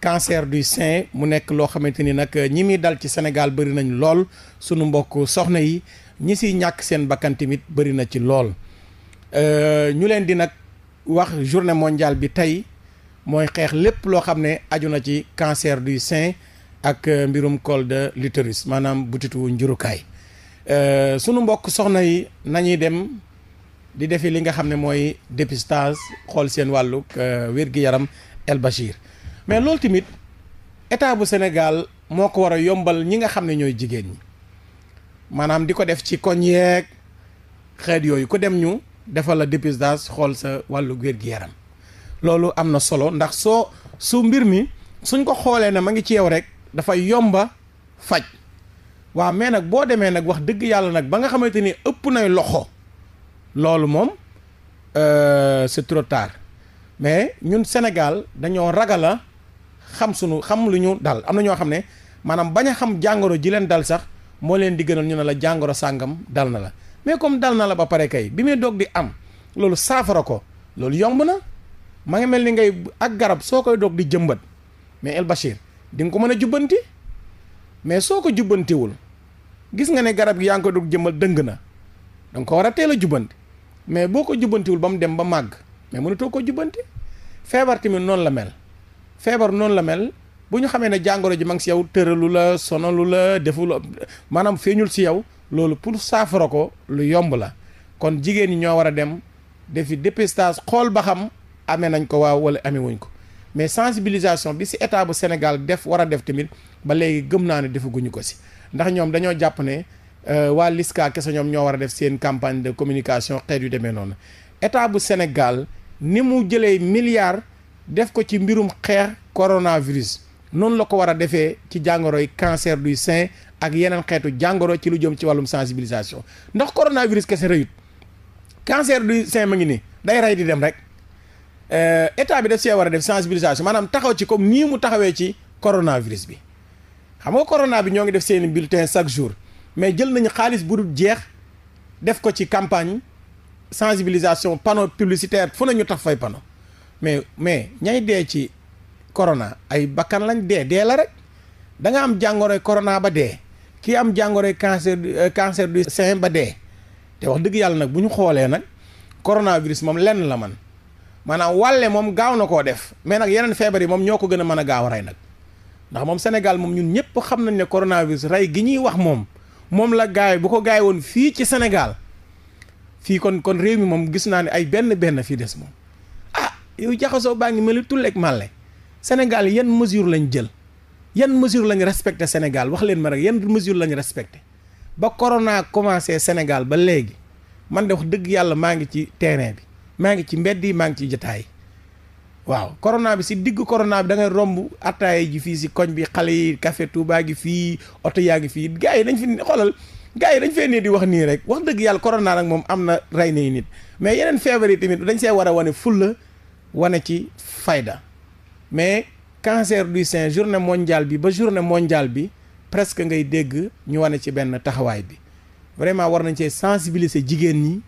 cancer du sein mu nekk loo xamante ni nag ñi muy dal ci Sénégal bëri nañ lool sunu mbokk soxna yi ñi siy ñàkk seen bakkan tamit bëri na ci lool euh, ñu leen di nag wax journée mondiale bi tey mooy xeex lépp loo xam ne aju na ci cancer du sein ak euh, mbirum col de maanaam butitu njurukaay euh, sunu mbokk soxna yi nañuy dem di defi li nga xam ne mooy dépistage xool seen wàllu wér-gi-yaram El Bachir mais loolu tamit état bu Sénégal moo ko war a yombal ñi nga xam ne ñooy jigéen ñi maanaam di ko def ci koñ yeeg xeet yooyu ku dem ñu defal la dépistage xool sa wàllu wér-gu-yaram loolu am na solo ndax soo su mbir mi suñ ko xoolee na ma ngi ci yow rek dafay yomba faj waa mais nag boo demee nag wax dëgg yàlla nag ba nga xamante ni ëpp nay loxo loolu moom euh, c'est trop tard mais ñun Sénégal dañoo ragala xam sunu xam lu ñu dal am na ñoo xam ne maanaam bañ a xam jàngoro ji leen dal sax moo leen di gënal ñu ne la jàngoro sàngam dal na la mais comme dal na la ba pare kay bi muy doog di am loolu saafara ko loolu yomb na ma ngi mel ni ngay ak garab soo koy doog di jëmbat mais El Bachir di nga ko mën a jubbanti mais soo ko jubbantiwul gis nga ne garab gi yaa ngi koy doog jëmbat dëng na danga ko war a teel a jubbanti mais boo ko jubbantiwul ba mu dem ba màgg mais mënatoo ko jubbanti feebar tamit noonu la mel. feebar noonu la mel bu ñu xamee ne jàngoro ji mag ngi si yow tëralu la sonalu la deful maanaam feeñul si yow loolu pour saafara ko lu yomb la kon jigéen ñi ñoo war a dem defi dépistage xool ba xam amee nañ ko waaw wala amee wuñ ko mais sensibilisation bi si état bu Sénégal def war a def tamit ba léegi gëm naa ne defaguñu ko si ndax ñoom dañoo jàpp ne euh, waa LISCA kese ñoom ñoo war a def seen campagne de communication xeet yu demee noonu état bu Sénégal ni mu jëlee milliards. def ko ci mbirum xeex coronavirus noonu la ko war a defee ci jàngoroy cancer du sein ak yeneen xeetu jàngoro ci lu jëm ci wàllum sensibilisation ndax coronavirus kese rëyut cancer du sein ma ngi nii day rey di dem rek euh, état bi daf see war a def sensibilisation maanaam taxaw ci comme nii mu taxawee ci coronavirus bi xam nga corona bi ñoo ngi def seeni bulletin chaque jour mais jël nañu xaalis bu dul jeex def ko ci campagne sensibilisation panneau publicitaire fu nañu tax fay panneau mais mais ñay dee ci corona ay bakkan lañ dee dee la rek da nga am jàngoroy corona ba dee kii am jàngoroy cancer euh, cancer du sein ba dee te wax dëgg yàlla nag bu ñu xoolee nag coronavirus moom lenn la man maanaam wàlle moom gaaw na koo def mais nag yeneen feebar yi moom ñoo ko gën a mën a gaaw a rey nag ndax moom Sénégal moom ñun ñëpp xam nañ ne coronavirus rey gi ñuy wax moom moom la gaay bu ko gaay woon fii ci Sénégal fii kon kon réew mi moom gis naa ne ay benn benn fii moom yow jaxasoo baa ngi mel ni tulleeg màlle Sénégal yan mesure lañ jël yan mesure lañ respecté Sénégal wax leen ma rek yan mesure lañ respecte ba corona commencé Sénégal ba léegi man de wax dëgg yàlla maa ngi ci terrain bi maa ngi ci mbedd yi maa ngi ci jotaay waaw corona bi si diggu corona bi da ngay romb attaaye ji fii si koñ bi xale yi café Touba gi fii oto yaa ngi fii gars yi dañ fi xoolal gars yi dañ fee ne di wax nii rek wax dëgg yàlla corona nag moom am na rey nay nit mais yeneen feebar yi tamit dañ see war a wane fulla wane ci fayda mais cancer du sein journée mondiale bi ba journée mondiale bi presque ngay dégg ñu wane ci benn taxawaay bi vraiment war nañ cee sensibiliser jigéen ñi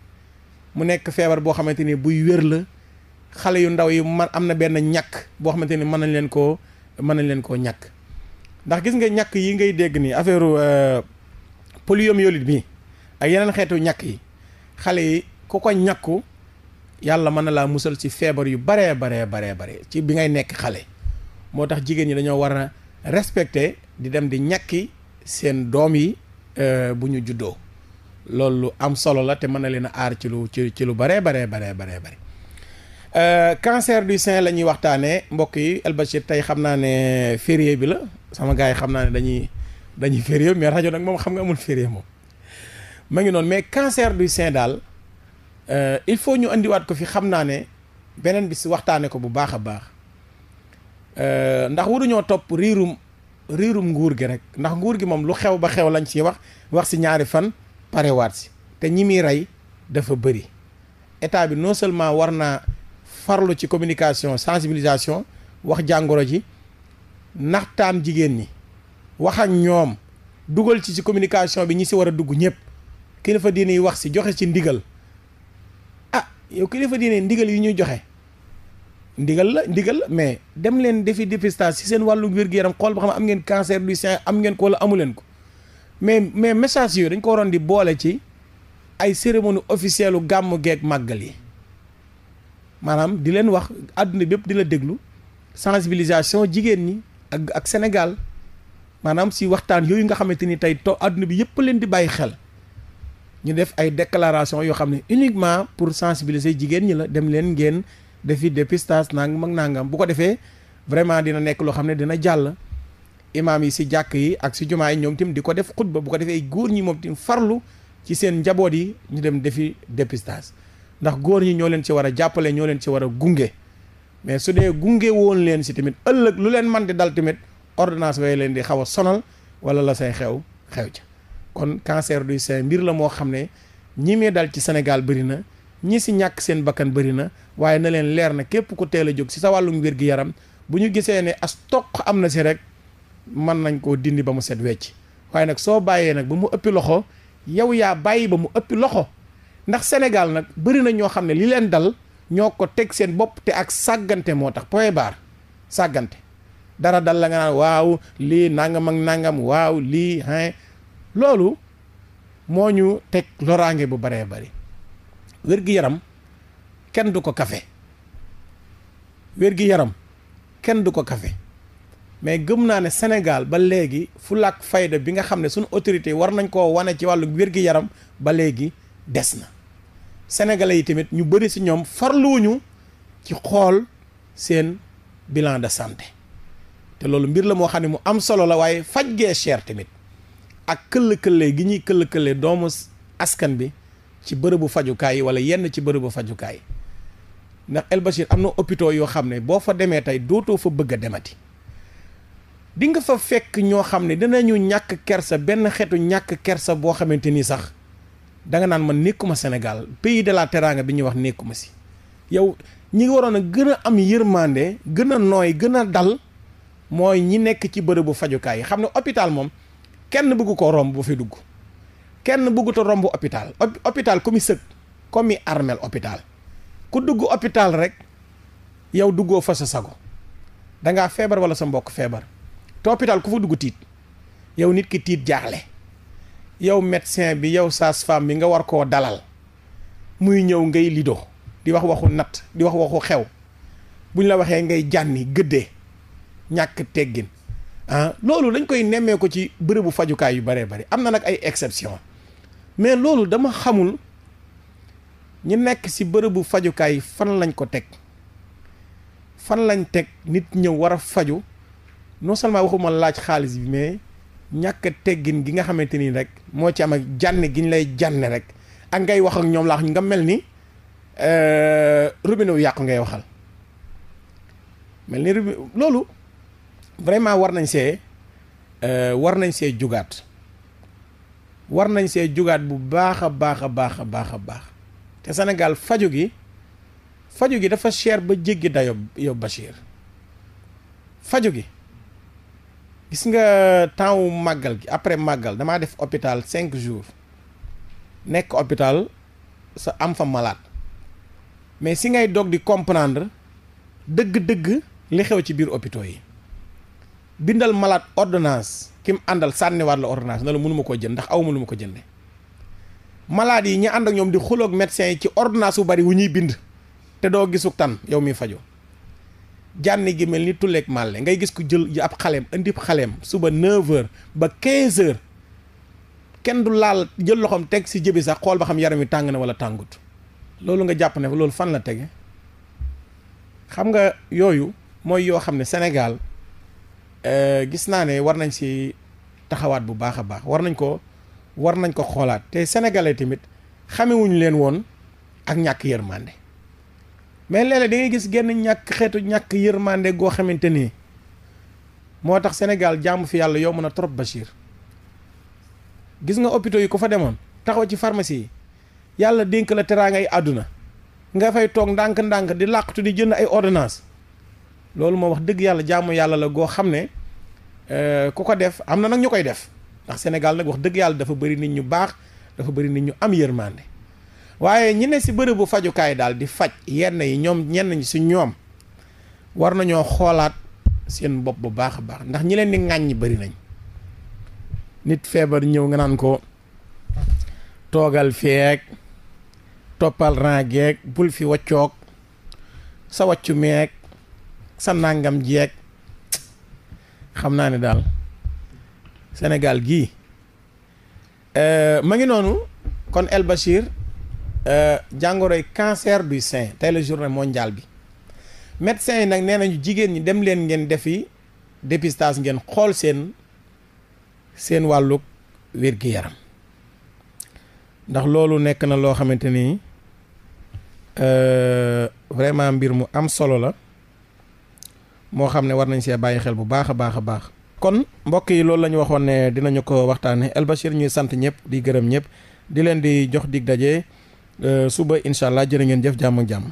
mu nekk feebar boo xamante ni buy wér la xale yu ndaw yi man am na benn ñàkk boo xamante ni mën nañ leen ko mën nañ leen ko ñàkk ndax gis nga ñàkk yi ngay dégg ni affaire euh, poliomyélite bi ak yeneen xeetu ñàkk yi xale yi ku ko ñàkku yàlla mën na laa musal ci feebar yu baree baree baree bare ci bi ngay nekk xale moo tax jigéen ñi dañoo war a respecter di dem di ñàkki seen doom yi euh, bu ñu juddoo loolu lu am solo la te mën na leen a aar ci lu ci ci lu baree baree bare baree bare Euh, cancer du sein la ñuy waxtaanee mbokk yi El tey xam naa ne férié bi la sama gaa yi xam naa ne dañuy dañuy férié mais rajo nag moom xam nga amul férié moom ma ngi noonu mais cancer du sein daal Euh, il faut ñu indiwaat ko fi xam naa ne beneen bi si waxtaane ko bu baax a baax euh, ndax waruñoo topp riirum riirum nguur gi rek ndax nguur gi moom lu xew ba xew lañ ci wax wax si ñaari fan parewaat si te ñi muy rey dafa bëri état bi non seulement war naa farlu ci communication sensibilisation wax jàngoro ji naxtaan jigéen ñi wax ñoom dugal ci ci communication bi ñi si war a dugg ñëpp kilifa diine wax si joxe ci ndigal yow kilifa diine ndigal yi ñuy joxe ndigal la ndigal la mais dem leen defi dépistage si seen wàllu wér-gu-yaram xool ba xam am ngeen cancer du sein am ngeen ko wala amu leen ko mais mais message yooyu dañ ko waroon di boole ci ay cérémonie officielle u gàmmu geeg màggal yi maanaam di leen wax àdduna bépp di la déglu sensibilisation jigéen ñi ak ak Sénégal maanaam si waxtaan yooyu nga xamante ni tey to àdduna bi yëpp leen di bàyyi xel ñu def ay déclaration yoo xam ne uniquement pour sensibiliser jigéen ñi la dem leen ngeen defi dépistage nangam ak nangam bu ko defee vraiment dina nekk loo xam ne dina jàll imaam yi si jàkk yi ak si jumaa yi ñoom tim di ko def xutba bu ko defee góor ñi moom tim farlu ci seen njaboot yi ñu dem defi dépistage ndax góor ñi ñoo leen ci war a jàppale ñoo leen ci war a gunge mais su dee gunge woon leen si tamit ëllëg lu leen man di dal tamit ordonnance way leen di xaw a sonal wala la say xew xew ca kon cancer du sein mbir la moo xam ne ñi mee dal ci Sénégal bëri na ñi si ñàkk seen bakkan bëri na waaye na leen leer na képp ku teel a jóg si sa wàllum wér gi yaram bu ñu gisee ne as toq am na si rek mën nañ koo dindi ba mu set wecc waaye nag soo bàyyee nag ba mu ëppi loxo yow yaa bàyyi ba mu ëppi loxo ndax Sénégal nag bëri na ñoo xam ne li leen dal ñoo ko teg seen bopp te ak sàggante moo tax point barre sàggante dara dal la nga naan waaw lii nangam ak nangam waaw lii hein loolu moo ñu teg loraange bu baree bari wér yaram kenn du ko kafe wér yaram kenn du ko kafe mais gëm naa ne senegal ba léegi fu làkk fayda bi nga xam ne sunu autorité war nañ koo wane ci wàllu wér yaram ba léegi des na sénégalais yi tamit ñu bari si ñoom farluwuñu ci xool seen bilan de santé te loolu mbir la moo xam ne mu am solo la waaye faj gee cher tamit ak këll-këllee gi ñuy këll-këllee doomu askan bi ci bërëbu fajukaay yi wala yenn ci bërëbu fajukaay yi ndax El am na hôpitaux yoo xam ne boo fa demee tey dootoo fa bëgg a demati di nga fa fekk ñoo xam ne dinañu ñàkk kersa benn xeetu ñàkk kersa boo xamante ni sax danga naan man nekkuma Sénégal pays de la teranga bi ñuy wax nekkuma si yow ñi waroon a gën a am yërmande gën a nooy gën a dal mooy ñi nekk ci bërëbu fajukaay yi xam ne hôpital moom kenn bëgg koo romb ba fi dugg kenn bëggu ta romb hôpital hôpital ku mi sëg ku mi armel ku dugg hôpital rek yow duggoo fa sa sago danga feebar wala sa mbokk feebar te hôpital ku fa dugg tiit yow nit ki tiit jaaxle yow médecin bi yow sage-femme bi nga war koo dalal muy ñëw ngay lido di wax waxu natt di wax waxu xew buñ la waxee ngay jànni gëddee ñàkk teggin Ah, loolu dañ koy nemmee ko ci bërëbu fajukaay yu bëree bëri am na nag ay exception mais loolu dama xamul ñu nekk si bërëbu fajukaay fan lañ ko teg fan lañ teg nit ñëw war a faju non seulement waxuma laaj xaalis bi mais ñàkk teggin gi nga xamante ni rek moo ci am ak jànne gi ñu lay jànne rek ak ngay wax ak ñoom laax nga mel ni euh, robinet wu yàqu ngay waxal mel ni robinet loolu vraiment war nañ see euh, war nañ see jugaat war nañ see jugaat bu baax a baax a baax a baax a baax te Sénégal fajo gi fajo gi dafa cher ba jéggi dayo yow Bachir fajo gi gis nga temps wu màggal gi après màggal damaa def hôpital cinq jours nekk hôpital sa am fa malade mais si ngay dog di comprendre dëgg-dëgg li xew ci biir hôpitaux yi bindal malaat ordinance ki mu àndal sànniwaat la ordonnance na la mënuma koo jënd ndax aw ma lu ma ko jënde malade yi ñi ànd ak ñoom di xuloog médecin yi ci ordonnance bu bari wu ñuy bind te doo gisuk tan yow miy fajo jànni gi mel ni tulleeg màlle ngay gis ku jël ab xaleem indi xaleem suba 9h ba 15h kenn du laal jël loxoom teg si jëbi sax xool ba xam yaram wi tàng na wala tàngut loolu nga jàpp ne loolu fan la tege xam nga yooyu mooy yoo xam ne Sénégal Euh, gis naa ne war nañ si taxawaat bu baax a baax war nañ ko war nañ ko xoolaat te sénégalais tamit xamewuñu leen woon ak ñàkk yërmande mais léeg-léeg gis genn ñàkk xeetu ñàkk yërmande goo xamante ni moo tax Sénégal jàmm fi yàlla yomb na trop Bachir gis nga hôpitaux yi ku fa demoon taxaw ci pharmacie yi yàlla dénk la teraangay àdduna nga fay toog ndànk-ndànk di làqatu di jënd ay ordonnance loolu moom wax dëgg yàlla jaamu yàlla la goo xam ne euh, ku ko def am na nag ñu koy def ndax Sénégal nag wax dëgg yàlla dafa bari nit ñu baax dafa bari nit ñu am yërmande waaye ñi ne si bërëbu fajukaay daal di faj yenn yi ñoom ñenn ñi si ñoom war nañoo xoolaat seen bopp bu baax a baax ndax ñi leen di ŋàññi bari nañ nit feebar ñëw nga naan ko toogal feek toppal rang geek bul fi waccoog sa waccu meek sa nangam jeeg xam naa ne daal Sénégal gii euh, ma ngi noonu kon El Bachir euh, jàngoroy cancer du sein tey la journée mondiale bi médecins yi nag nee nañu jigéen ñi dem leen ngeen defi dépistage ngeen xool seen seen wàllug wér-gi-yaram ndax loolu nekk na loo xamante ni euh, vraiment mbir mu am solo la moo xam ne war nañ see bàyyi xel bu baax a baax a baax kon mbokk yi loolu la ñu waxoon ne dinañu ko waxtaane El Bachir ñuy sant ñëpp di gërëm ñëpp di leen di jox dig daje euh, suba incha allah jërë ngeen jëf jàmm jàmm